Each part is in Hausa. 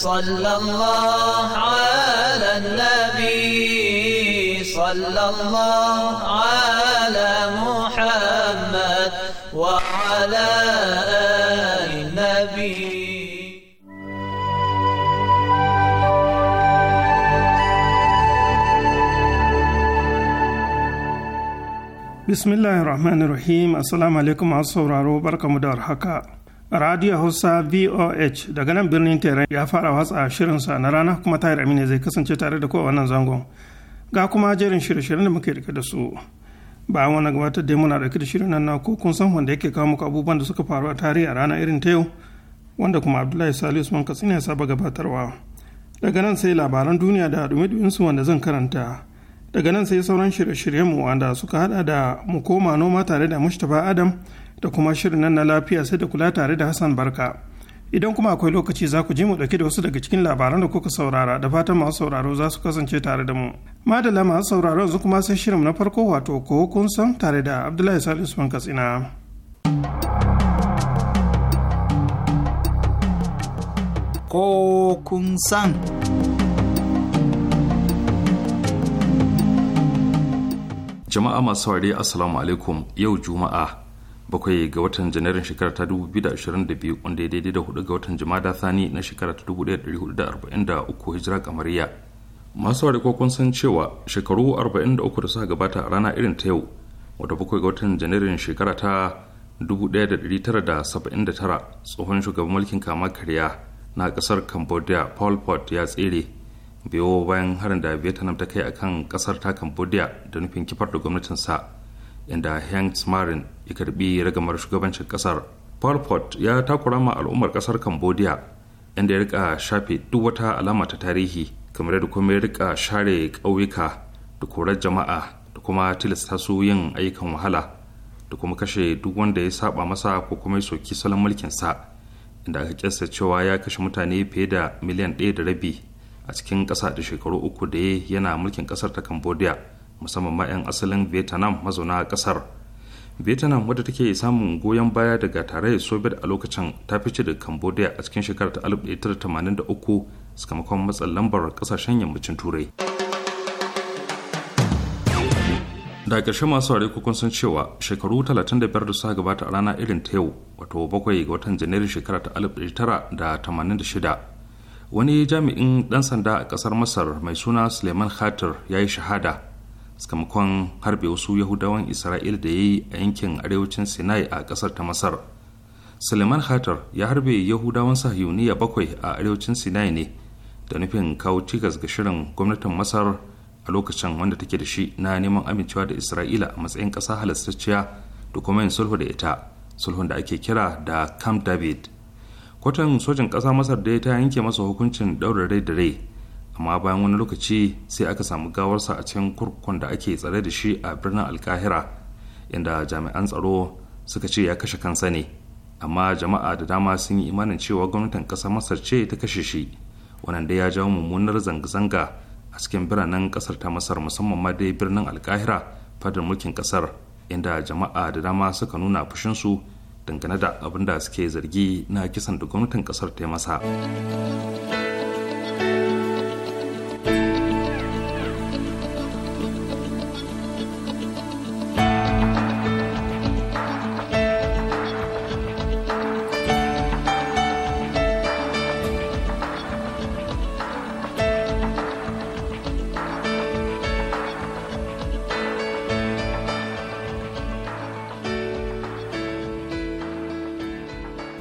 صلى الله على النبي صلى الله على محمد وعلى النبي بسم الله الرحمن الرحيم السلام عليكم ورحمة الله وبركاته Radio Hausa VOH daga nan birnin Tehran ya fara watsa sa na rana kuma Tahir Amina zai kasance tare da kowa wannan zangon. Ga kuma jerin shirye-shiryen da muke rike da su. Ba wani gabatar da muna rike da shirin nan na ko kun san wanda yake kawo muku abubuwan da suka faru a tarihi a rana irin ta yau wanda kuma Abdullahi Salisu Usman Katsina ya saba gabatarwa. Daga nan sai labaran duniya da dumi su wanda zan karanta. Daga nan sai sauran shirye-shiryen mu wanda suka hada da mu koma noma tare da Mustapha Adam. da kuma shirin nan na lafiya sai da kula tare da Hassan Barka. Idan kuma akwai lokaci za ku ji mu dauke da wasu daga cikin labaran da kuka saurara da fatan masu sauraro za su kasance tare da mu. Madalla masu sauraro yanzu kuma sai shirin na farko wato ko kun san tare da Abdullahi Salisu Usman Katsina. Ko kun san. Jama'a masu saurari Assalamu alaikum yau Juma'a bakwai ga watan janairun shekara ta 2022 wanda ya daidai da hudu ga watan jumada thani na shekarar ta 1443 hijira kamariya masu ko kun san cewa shekaru 43 da suka gabata a rana irin ta yau wata bakwai ga watan janairun shekarar ta 1979 tsohon shugaban mulkin kama karya na kasar cambodia paul pot ya tsere biyo bayan harin da vietnam ta kai akan kasar ta cambodia da nufin kifar da gwamnatinsa inda Hans Marin ya karbi ragamar shugabancin kasar. Pol Pot ya takura ma al'ummar kasar Cambodia inda ya rika shafe duk wata alama ta tarihi kamar da kuma ya rika share ƙauyuka da korar jama'a da kuma tilasta su yin ayyukan wahala da kuma kashe duk wanda ya saba masa ko kuma ya soki salon mulkin sa inda aka kyasta cewa ya kashe mutane fiye da miliyan ɗaya da rabi a cikin ƙasa da shekaru uku da yana mulkin ƙasar ta cambodia musamman ma 'yan asalin vietnam mazauna kasar vietnam wadda take samun goyon baya daga tarayyar soviet a lokacin ta fice da cambodia a cikin shekarar ta 1983 sakamakon matsalar lambar kasashen yammacin turai da ƙarshe masu ware kukun sun cewa shekaru 35 da suka gabata a rana irin ta yau wato bakwai ga watan janairu shekarar ta 1986 wani jami'in ɗan sanda a ƙasar masar mai suna suleiman khatir ya yi shahada sakamakon harbe wasu yahudawan isra'ila da ya yi a yankin arewacin sinai a kasar ta masar suleiman hatar ya harbe yahudawan sahiyuniya bakwai a arewacin sinai ne da nufin kawo cigas ga shirin gwamnatin masar a lokacin wanda take da shi na neman amincewa da isra'ila a matsayin kasa halastacciya da kuma yin sulhu da ita sulhun da ake kira da camp david kwatan sojin kasa masar da ya ta yanke masa hukuncin daura rai da rai amma bayan wani lokaci sai aka samu gawarsa a cikin kurkukun da ake tsare da shi a birnin alkahira inda jami'an tsaro suka ce ya kashe kansa ne amma jama'a da dama sun yi imanin cewa gwamnatin ƙasar masar ce ta kashe shi wannan da ya jawo mummunar zanga-zanga a cikin biranen ƙasar ta masar musamman ma dai birnin alkahira fadar mulkin ƙasar inda jama'a da dama suka nuna fushinsu dangane da abin da suke zargi na kisan da gwamnatin ƙasar ta masa.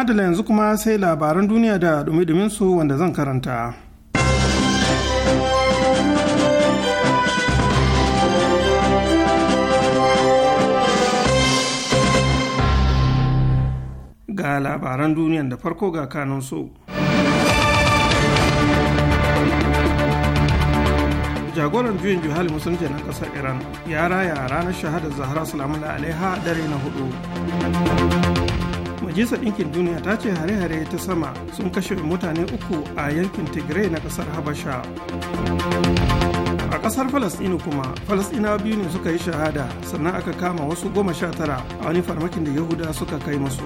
madala yanzu kuma sai labaran duniya da dumi su wanda zan karanta. Ga labaran duniyan da farko ga kanunsu. jagoran juyin juhal musulunci na ƙasar iran ya raya ranar shahadar zahra salamula alaiha dare na hudu majalisar ɗinkin duniya ta ce hare-hare ta sama sun kashe mutane uku a yankin tigray na ƙasar habasha a ƙasar falasɗinu kuma falastinawa biyu ne suka yi shahada sannan aka kama wasu goma sha tara a wani farmakin da yahuda suka kai masu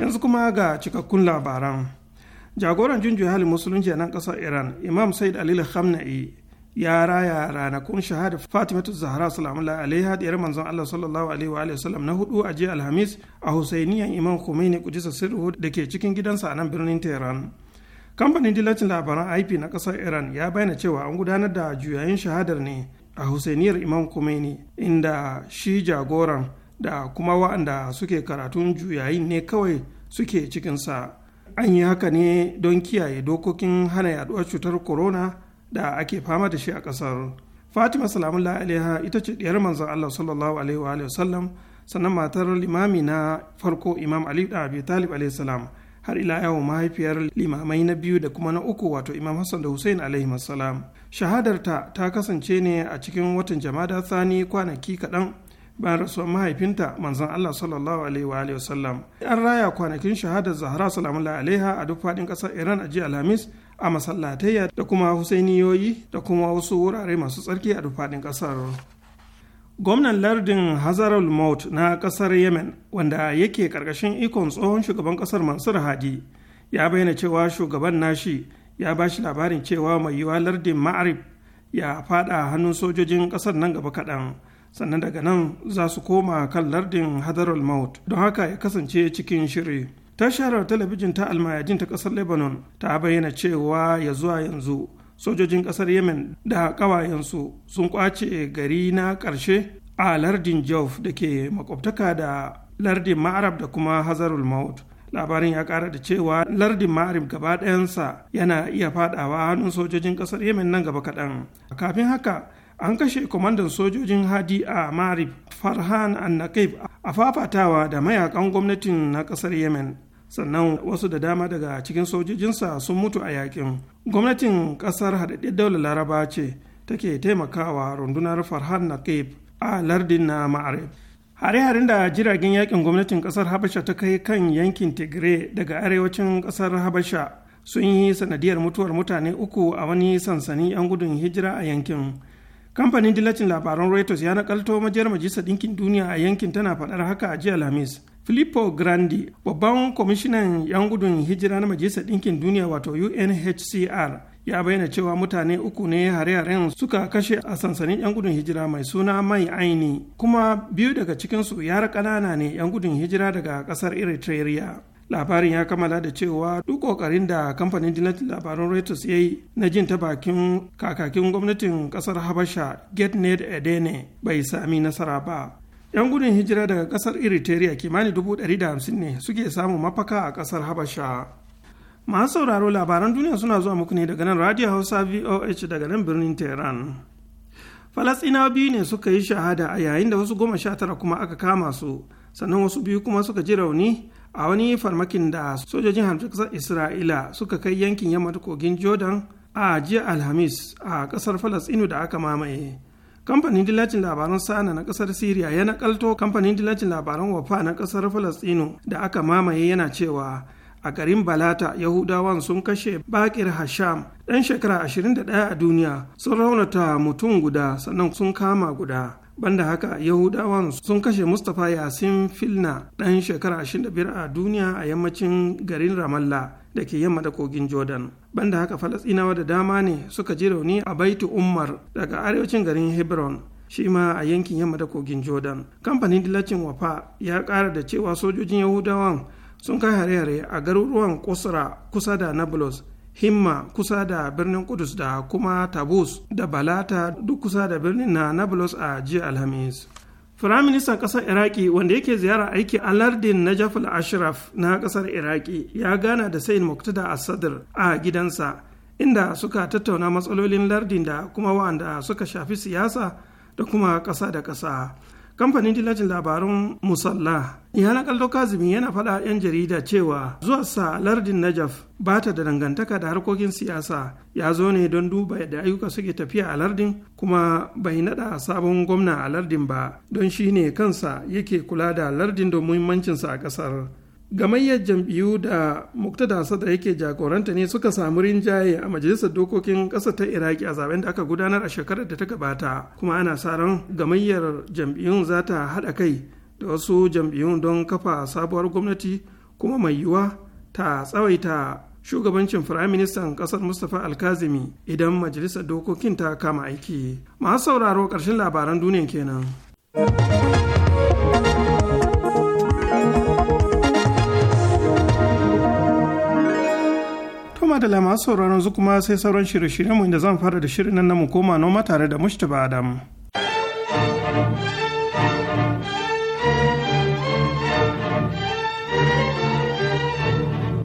yanzu kuma ga cikakkun labaran jagoran junjiyar halin musulunci a nan ƙasar iran imam said alil khamna'i ya raya ranakun shahada fatimatu zahra salamullahi alaiha diyar manzon allah sallallahu alaihi wa alihi wasallam na hudu a jiya alhamis a husainiyan imam khomeini kudisa sirru da ke cikin gidansa a nan birnin tehran kamfanin dillacin labaran ip na kasar iran ya bayyana cewa an gudanar da juyayin shahadar ne a husainiyar imam khomeini inda shi jagoran da kuma wa'anda suke karatun juyayin ne kawai suke cikinsa an yi haka ne don kiyaye dokokin hana yaduwar cutar corona da ake fama da shi a ƙasar fatima salamullah alaiha ita ce ɗiyar manzon allah sallallahu alaihi wa sallam sannan matar limami na farko imam ali da abi talib alaihi har ila yau mahaifiyar limamai na biyu da kuma na uku wato imam hassan da hussein alaihi salam shahadarta ta kasance ne a cikin watan jama'a thani kwanaki kaɗan bayan rasuwar mahaifinta manzon allah sallallahu alaihi wa sallam an raya kwanakin shahadar zahra salamullahi alaiha a duk faɗin ƙasar iran a jiya alhamis a masallatai da kuma husainiyoyi da kuma wasu wurare masu tsarki a dufaɗin ƙasar gwamnan lardin hazarul maut na ƙasar yemen wanda yake ƙarƙashin ikon tsohon shugaban ƙasar mansur hadi ya bayyana cewa shugaban nashi ya ba shi labarin cewa mai yiwa lardin ma'arib ya fada hannun sojojin ƙasar nan gaba kaɗan sannan daga nan za su koma kan lardin hazarul maut don haka ya kasance cikin shiri tasharar talabijin ta almayajin ta kasar lebanon ta bayyana cewa ya zuwa yanzu sojojin kasar yemen da kawayensu sun kwace gari na karshe a lardin jauf da ke makwabtaka da lardin ma'arab da kuma hazarul maut labarin ya kara da cewa lardin ma'arib gaba ɗayansa yana iya fadawa hannun sojojin kasar yemen nan gaba kaɗan kafin haka an kashe kwamandan sojojin hadi a marib farhan an-Naqib a fafatawa da mayakan gwamnatin na kasar yemen sannan wasu da dama daga cikin sojojinsa sun mutu a yakin gwamnatin kasar haɗaɗɗen daular laraba ce take taimakawa rundunar farhan naqib a lardin na ma'arib hare-haren da jiragen yakin gwamnatin kasar habasha ta kai kan yankin tigre daga arewacin kasar habasha sun yi sanadiyar mutuwar mutane uku a wani sansanin 'yan gudun hijira a yankin kamfanin dillacin labaran reuters ya nakalto majiyar majalisar ɗinkin duniya a yankin tana faɗar haka a jiya lamis filippo grandi babban kwamishinan 'yan gudun hijira na majalisar ɗinkin duniya wato unhcr ya bayyana cewa mutane uku ne hare-haren suka kashe a sansanin 'yan gudun hijira mai suna mai aini kuma biyu daga cikinsu yara ƙanana ne 'yan gudun hijira daga ƙasar eritrea labarin ya kammala da cewa duk kokarin da kamfanin dillancin labarun reuters ya yi na jin ta bakin kakakin gwamnatin kasar habasha getnet edene bai sami nasara ba yan gudun hijira daga kasar eritrea kimanin dubu hamsin ne suke samun mafaka a kasar habasha masu sauraro labaran duniya suna zuwa muku ne daga nan radio hausa voh daga nan birnin tehran Falasɗina biyu ne suka yi shahada a yayin da wasu goma sha tara kuma aka kama su sannan wasu biyu kuma suka ji rauni a wani farmakin da sojojin hamsin ƙasar isra'ila suka kai yankin yamma da kogin jordan a jiya alhamis a ƙasar falasɗinu da aka mamaye kamfanin dillacin labaran sana na kasar syria ya nakalto kamfanin dillacin labaran wafa na kasar Falasinu da aka mamaye yana cewa a garin balata yahudawan sun kashe bakir hasham ɗan shekara 21 a duniya sun raunata mutum guda sannan sun kama guda banda haka yahudawan sun kashe mustapha yasin filna ɗan shekara 25 a duniya a yammacin garin ramallah da ke yamma da kogin jordan banda haka falasinawa da dama ne suka ji rauni a baitu Umar daga arewacin garin hebron shi ma a yankin yamma da kogin jordan kamfanin dillacin wafa ya ƙara da cewa sojojin yahudawan sun kai hare-hare a garuruwan kusa da nablus himma kusa da birnin kudus da kuma tabus da balata duk kusa da birnin na nablus a jiya alhamis Firaministan ƙasar Iraki wanda yake ziyara aiki a lardin na al-Ashraf na ƙasar Iraki ya gana da Sayin Muktada sadr a gidansa inda suka tattauna matsalolin lardin da kuma wa'anda suka shafi siyasa da kuma ƙasa da ƙasa. kamfanin dillacin labarun musalla ya kallo kazumi yana faɗa 'yan jarida cewa zuwa sa lardin najaf ba ta da dangantaka da harkokin siyasa ya zo ne don duba yadda ayyuka suke tafiya a lardin kuma bai naɗa sabon gwamna a lardin ba don shi ne kansa yake kula da lardin da muhimmancinsa a ƙasar gamayyar jam'iyyu da muktada sadar yake jagoranta ne suka samu rinjaye a majalisar dokokin ƙasa ta iraki a zaben da aka gudanar a shekarar da ta gabata kuma ana sa ran gamayyar jam'iyyun za ta haɗa kai da wasu jam'iyyun don kafa sabuwar gwamnati kuma mai yiwuwa ta tsawaita shugabancin firaministan ƙasar mustapha alkazimi idan majalisar dokokin ta kama aiki masu sauraro ƙarshen labaran duniya kenan. Tuma da lama sauraron zu kuma sai sauran shirye mu inda zan fara da shirin nan mu koma noma tare da Mustapha Adam.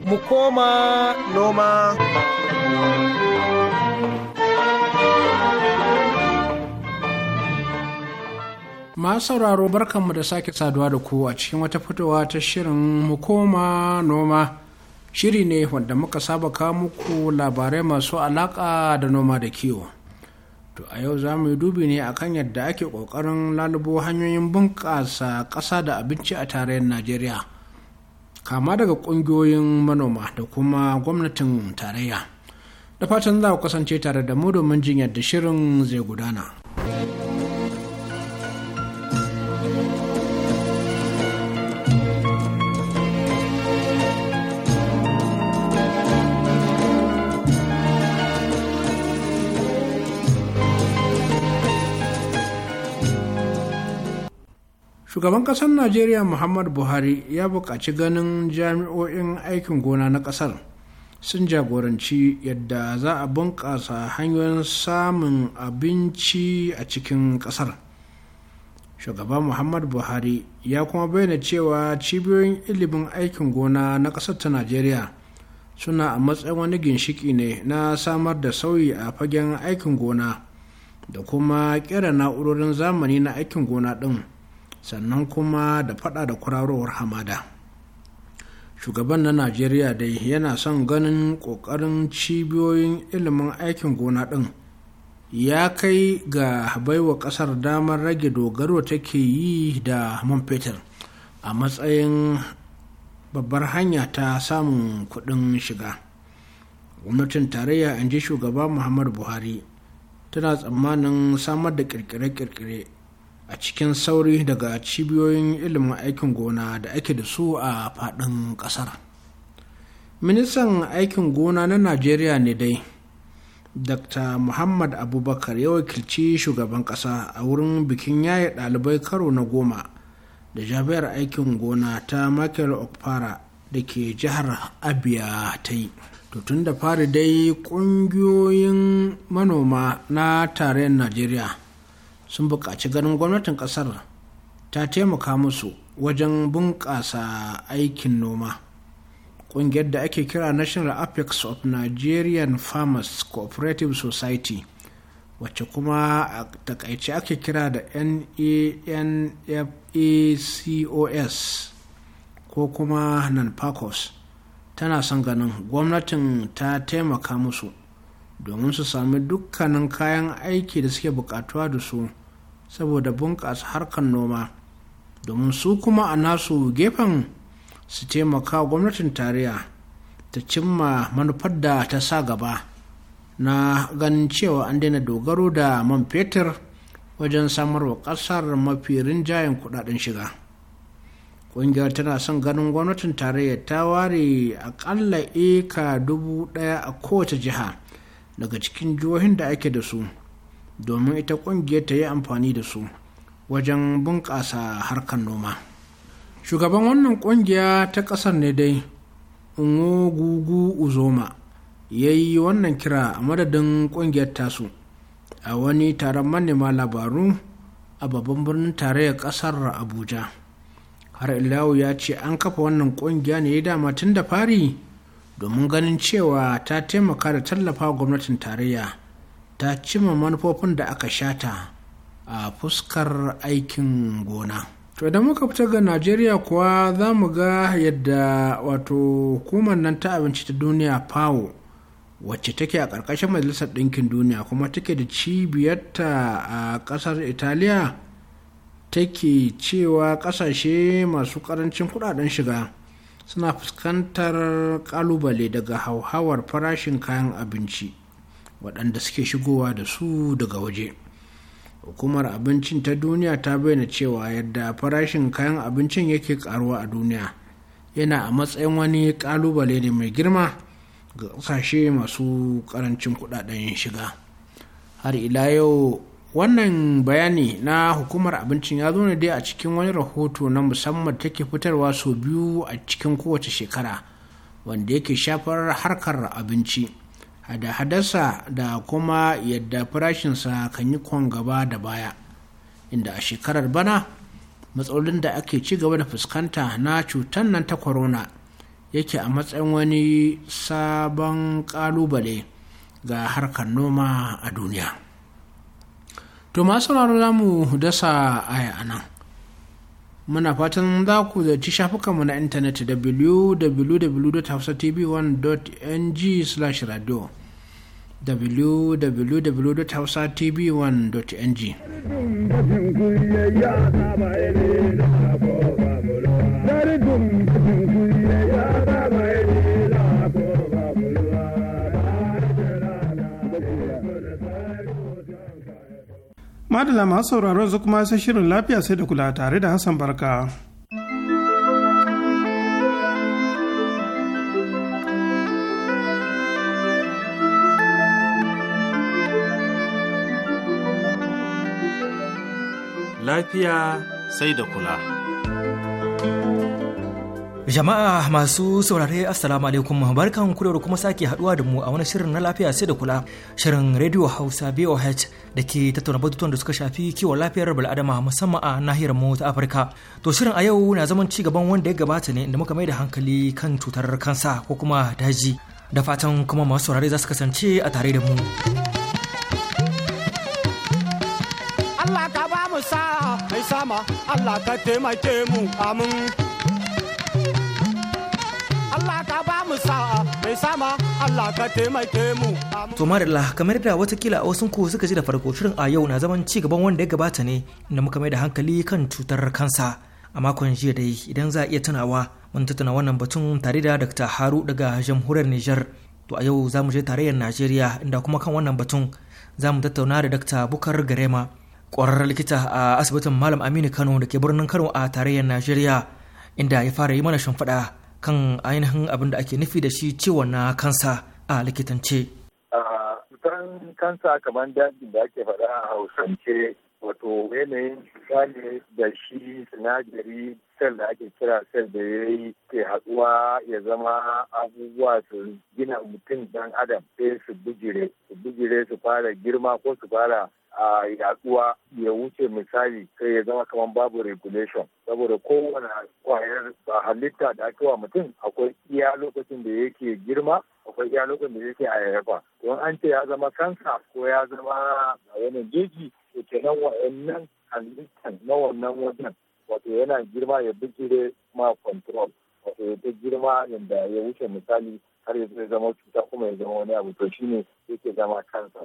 Mu koma noma. masu sauraro barkanmu da sake saduwa da ku a cikin wata fitowa ta shirin mu koma noma shiri ne wanda muka saba kawo muku labarai masu alaƙa da noma da kiwo to a yau za mu yi dubi ne akan yadda ake ƙoƙarin lalubo hanyoyin bunƙasa ƙasa da abinci a tarayyar najeriya kama daga ƙungiyoyin manoma da kuma gwamnatin tarayya da fatan za ku kasance tare da mu domin jin yadda shirin zai gudana. shugaban ƙasar najeriya muhammad buhari ya buƙaci ganin jami'o'in aikin gona na ƙasar sun jagoranci yadda za a bunƙasa hanyoyin samun abinci a cikin ƙasar shugaba muhammad buhari ya kuma bayyana cewa cibiyoyin ilimin aikin gona na ƙasar ta najeriya suna a matsayin wani ginshiki ne na samar da sauyi a fagen aikin gona da kuma ƙera na'urorin zamani na aikin gona ɗin. sannan kuma da fada da kurarowar hamada shugaban na najeriya dai yana son ganin ƙoƙarin cibiyoyin ilimin aikin gona ɗin ya kai ga baiwa ƙasar damar rage dogaro take yi da man fetur a matsayin babbar hanya ta samun kuɗin shiga gwamnatin tarayya in ji shugaba muhammadu buhari tana tsammanin samar da kirkire-kirkire a cikin sauri daga cibiyoyin ilimin aikin gona da ake da su a faɗin ƙasar ministan aikin gona na najeriya ne dai dr muhammad abubakar ya wakilci shugaban ƙasa a wurin bikin yaye ɗalibai karo na goma da jami'ar aikin gona ta michael okpara da ke jihar abia ta yi tun da fari dai ƙungiyoyin manoma na tarayyar najeriya sun buƙaci ganin gwamnatin ƙasar ta taimaka musu wajen bunƙasa aikin noma ƙungiyar da ake kira national apex of nigerian farmers cooperative society wacce kuma a takaice ake kira da nanfacos ko kuma nanfacos tana son ganin gwamnatin ta taimaka musu domin su sami dukkanin kayan aiki da suke bukatuwa da su saboda bunƙasa harkar noma domin su kuma a nasu gefen su taimaka gwamnatin tarayya ta cimma manufar da ta sa gaba na ganin cewa an daina dogaro da man fetur wajen samarwa ƙasar mafi rinjayen kudaden shiga ƙungiyar tana son ganin gwamnatin tarayya ta ware aƙalla eka dubu ɗaya a kowace jiha daga cikin jihohin da ake da su domin ita ƙungiyar ta yi amfani da su wajen bunƙasa harkar noma shugaban wannan ƙungiya ta ƙasar ne dai gugu uzoma ya yi wannan kira a madadin ƙungiyar tasu a wani taron manema labaru a babban birnin tarayyar ƙasar abuja har ilawu ya ce an kafa wannan ƙungiya ne ya dama tun da fari domin ganin cewa ta taimaka da tallafa gwamnatin tarayya ta cima manufofin da aka shata a fuskar aikin gona to idan muka fita ga najeriya kuwa za mu ga yadda wato hukumar nan ta abinci ta duniya fawo wacce take a ƙarƙashin majalisar ɗinkin duniya kuma take da cibiyarta a ƙasar italiya take cewa ƙasashe masu ƙarancin kuɗaɗen shiga suna fuskantar ƙalubale daga hauhawar farashin kayan abinci waɗanda suke shigowa da su daga waje hukumar abincin ta duniya ta bayyana cewa yadda farashin kayan abincin yake karuwa a duniya yana a matsayin wani kalubale ne mai girma ga ƙasashe masu ƙarancin kuɗaɗen shiga har ila yau wannan bayani na hukumar abincin ya zo ne dai a cikin wani rahoto na musamman take fitarwa sau biyu a cikin kowace shekara wanda yake shafar harkar abinci hada-hadarsa da kuma yadda farashinsa kan yi kwan gaba da baya inda a shekarar bana matsalolin da ake ci gaba da fuskanta na cutar nan ta corona yake a matsayin wani sabon kalubale ga harkar noma a duniya to masu za mu dasa aya a nan muna fatan za ku zaci shafukanmu na intanet www.hausatv1.ng/radio www.hausatv1.ng Madala masu sauraron yanzu kuma sai shirin lafiya sai da kula tare da Hassan Barka. lafiya sai da kula. Jama'a masu saurare Assalamu alaikum barkan ku da kuma sake haduwa da mu a wani shirin na lafiya sai da kula shirin Radio Hausa BOH da ke tattauna batutuwan da suka shafi kiwon lafiyar bil'adama musamman a nahiyar mu ta Afirka. To shirin a yau na zaman ci gaban wanda ya gabata ne da muka mai da hankali kan cutar kansa ko kuma daji. Da fatan kuma masu saurare za su kasance a tare da mu. Allah ka taimake mu amin Allah ka ba mu sa'a mai sama Allah ka taimake mu to madalla kamar da watakila a wasu ku suka ji da farko shirin a yau na zaman ci gaban wanda ya gabata ne inda muka mai da hankali kan cutar kansa a makon jiya dai idan za a iya tunawa mun tattauna wannan batun tare da Dr. Haru daga jamhuriyar Nijar to a yau za mu je tarayyar Najeriya inda kuma kan wannan batun za mu tattauna da Dr. Bukar Garema ƙwararren likita a asibitin malam aminu kano da ke birnin kano a tarayyar najeriya inda ya fara yi mana shimfiɗa kan ainihin abin da ake nufi da shi ciwon na kansa a likitance. cutan kansa kamar daji da ake faɗa a hausance wato yanayin cuta ne da shi sinadari sel da ake kira sel da ya yi ke haɗuwa ya zama abubuwa su gina mutum dan adam sai su bijire su bijire su fara girma ko su fara a yaduwa ya wuce misali sai ya zama kamar babu regulation saboda kowane kwayar halitta da ake wa mutum akwai iya lokacin da yake girma akwai iya lokacin da yake ayyafa don an ce ya zama kansa ko ya zama wani jeji ke nan wa'annan halittan na wannan wajen wato yana girma ya bijire ma control wato ya ta girma yadda ya wuce misali har ya zama cuta kuma ya zama wani abu to shine yake zama kansa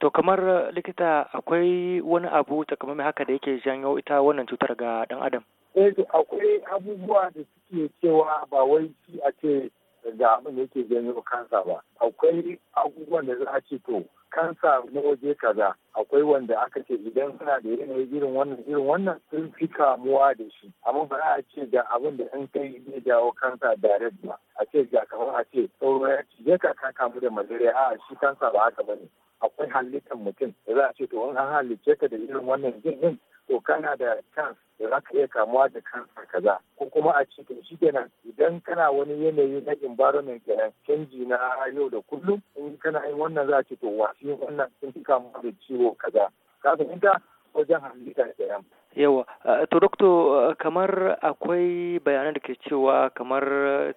To kamar eh, likita akwai wani abu takamaimai haka da yake janyo ita wannan cutar ga ɗan adam? Eh akwai abubuwa da suke cewa ba wai shi a ce ga abin da yake janyo kansa ba. Akwai abubuwan da za a ce to kansa na waje kaza akwai wanda aka ce idan suna da yanayi irin wannan irin wannan sun fi kamuwa da shi amma ba a ce da abin da in kai zai jawo kansa direct ba a ce ga kamar a ce sauro ya cije ka kamu da malaria a shi kansa ba haka bane akwai halittar mutum da za a ce to in an halicce ka da irin wannan jin din to kana da chance da za ka iya kamuwa da kansa kaza ko kuma a cikin to shi kenan idan kana wani yanayi na environment kenan canji na yau da kullum in kana yin wannan za a ce to wasu wannan sun fi kamuwa da ciwo kaza ka fahimta wajen halitta kenan yawa eh, to Dokto, eh, kamar akwai bayanan da ke cewa kamar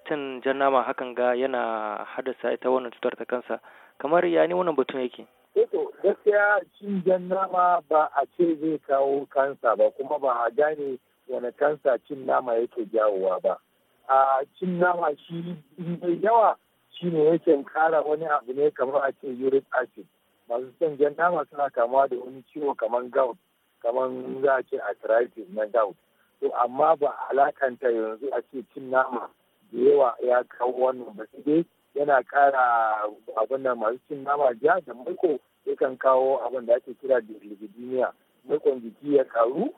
cin jan nama hakan ga yana haddasa ita wannan cutar ta kansa kamar ya ne wannan batun yake Eto eh gaskiya cin jan nama ba a ce zai kawo kansa ba kuma ba a gane wani kansa cin nama yake jawowa ba. A cin nama shi mai yawa shi ne yake kara wani abu ne kamar a ce uric acid. Masu cin jan nama suna kamuwa da wani ciwo kamar gout, kamar za a ce arthritis na gout. To amma ba alakanta yanzu a ce cin nama da yawa ya kawo wannan ba sai yana kara abin da masu cin nama jiya da maiko yakan kawo abin da ake kira da lipidemia maikon jiki ya karu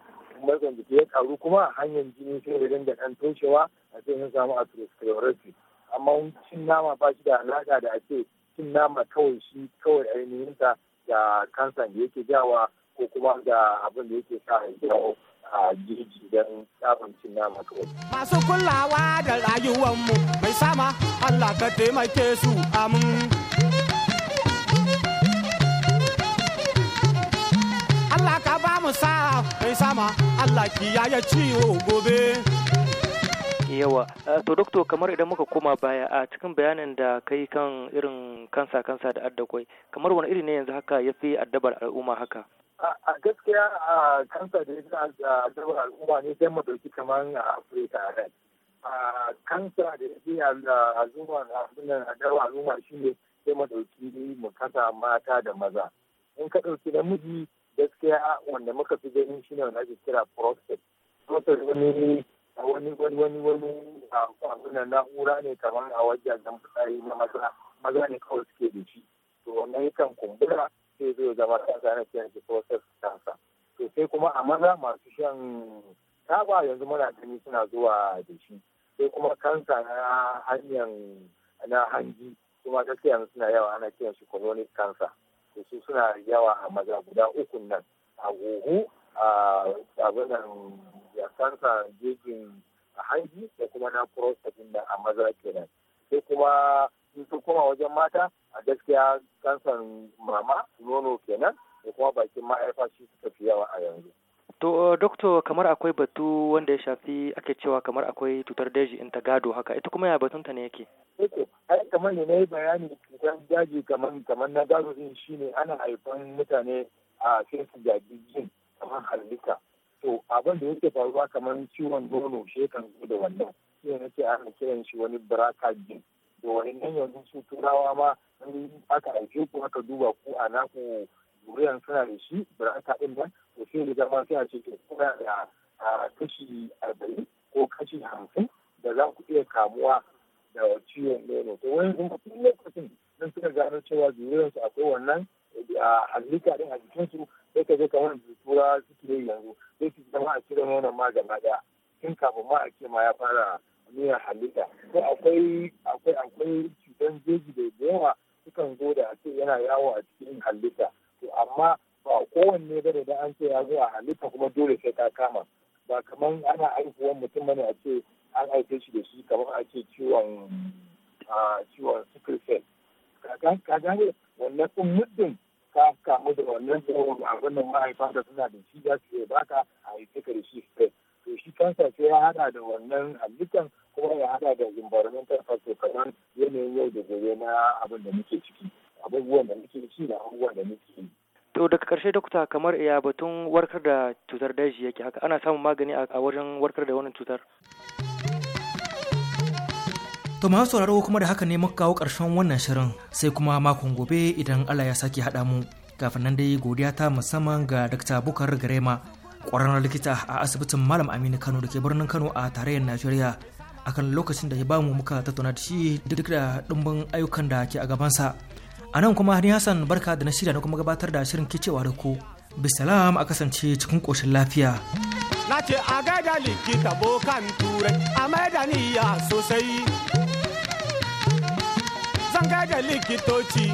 maikon jiki ya karu kuma hanyar jini sai da dinga kan toshewa a sai sun samu atherosclerosis amma cin nama ba shi da alaƙa da ake cin nama kawai shi kawai ainihinsa da kansa da yake jawa ko kuma da abin da yake sa ya jawo a jeji don samun cin nama kawai. Masu kulawa da rayuwanmu mai sama Allah ka taimake su amin. Allah ka ba mu sa mai sama Allah kiyaye ciwo gobe. yawa eh, to doktor kamar idan muka koma baya a cikin bayanin da kai kan irin kansa kansa da addakwai kamar wani iri ne yanzu haka ya fi addabar al'umma haka a gaskiya a kansa da ya a dabar al'umma ne sai mu dauki kamar a afirka a kansa da ya a al'umma a dabar al'umma shi ne sai mu ne mu kasa mata da maza in ka ɗauki namiji gaskiya wanda muka fi ganin shi ne wanda ake kira prostate prostate wani wani wani wani wani abunan na'ura ne kamar a wajen fitsari na maza maza ne kawai suke da shi to yi yakan kumbura sai zai zama kansa ana cikin shi prostate kansa to sai kuma a maza masu shan taba yanzu muna gani suna zuwa da shi sai kuma kansa na hanyar na hanji kuma gaskiya yanzu suna yawa ana cikin shi colonic cancer to su suna yawa a maza guda uku nan a huhu a abinan ya kansa jejin a hanji da kuma na prostate da a maza kenan sai kuma in sun koma wajen mata a gaskiya kansan mama nono kenan da kuma bakin ma'aifa shi suka fi yawa a yanzu. To, eh, doktor kamar akwai batu wanda ya shafi ake cewa kamar akwai cutar daji in ta gado haka, ita kuma ya batunta ne yake? Eke, eh ai kamar ne na yi bayani cutar daji kamar kamar na gado din shi ne ana haifan mutane a sai su jaji jin kamar halitta. To, abin da yake faruwa kamar ciwon nono shi da wannan. Shi na ce ana kiran shi wani braka jin. da wa'annan yanzu su turawa ma aka aike ku aka duba ko a naku zuriyar suna da shi birata ɗin nan to sai da zama sai a ce ke kuna da kashi arba'in ko kashi hamsin da za ku iya kamuwa da ciwon nono to wani kuma tun lokacin nan suka gano cewa zuriyarsu akwai wannan halitta din a su sai ka je kamar tura suke yanzu sai su zama a cire nonon ma gaba ɗaya kafin ma a ce ma ya fara nuna halitta ko akwai akwai akwai cutan jeji da yawa sukan zo da ce yana yawo a cikin halitta to amma ba kowanne ba da an ce ya zo a halitta kuma dole sai ka kama ba kamar ana haihuwar mutum bane a ce an aike shi da shi kamar a ce ciwon ciwon sickle ka gane wannan kun muddin ka kamu da wannan abin nan mahaifa da suna da shi za su baka a haife ka da shi to shi kansa sai ya hada da wannan halittar kuma ya hada da environmental factor kamar yanayin yau da gobe na abin da muke ciki abubuwan da muke ci da abubuwan da muke yi to daga karshe dokta kamar iya batun warkar da cutar daji yake haka ana samun magani a wajen warkar da wannan cutar To masu sauraro kuma da haka ne muka kawo ƙarshen wannan shirin sai kuma makon gobe idan Allah ya sake haɗa mu. Kafin nan dai godiya ta musamman ga Dr. Bukar Garema ƙwararren likita a asibitin malam aminu kano da ke birnin kano a tarayyar najeriya akan lokacin da ya bamu muka tattauna da shi duk da dumbin ayyukan da ke a gabansa a nan kuma ni hassan barka da na shirya na kuma gabatar da shirin cewa da ku bisalam a kasance cikin koshin lafiya na ce a gaida likita bokan turai a maidaniya sosai zan gaida likitoci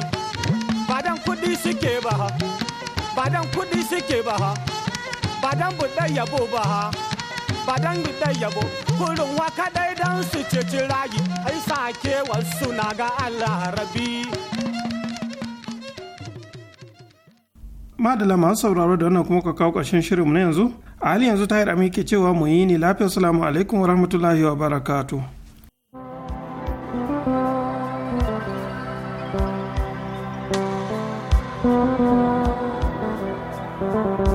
Ba badan kuɗi suke ba ha badan kudi suke ba ha ba dan buɗe yabo ba ha ba dan buɗe yabo kurin wa dai dan su ceci rayi ai sake wasu na ga Allah rabi madala masu sauraro da wannan kuma ka kawo ƙarshen shirinmu na yanzu a hali yanzu tahir amin ke cewa mu yi ni lafiya salamu alaikum wa rahmatullahi wa barakatu. thank you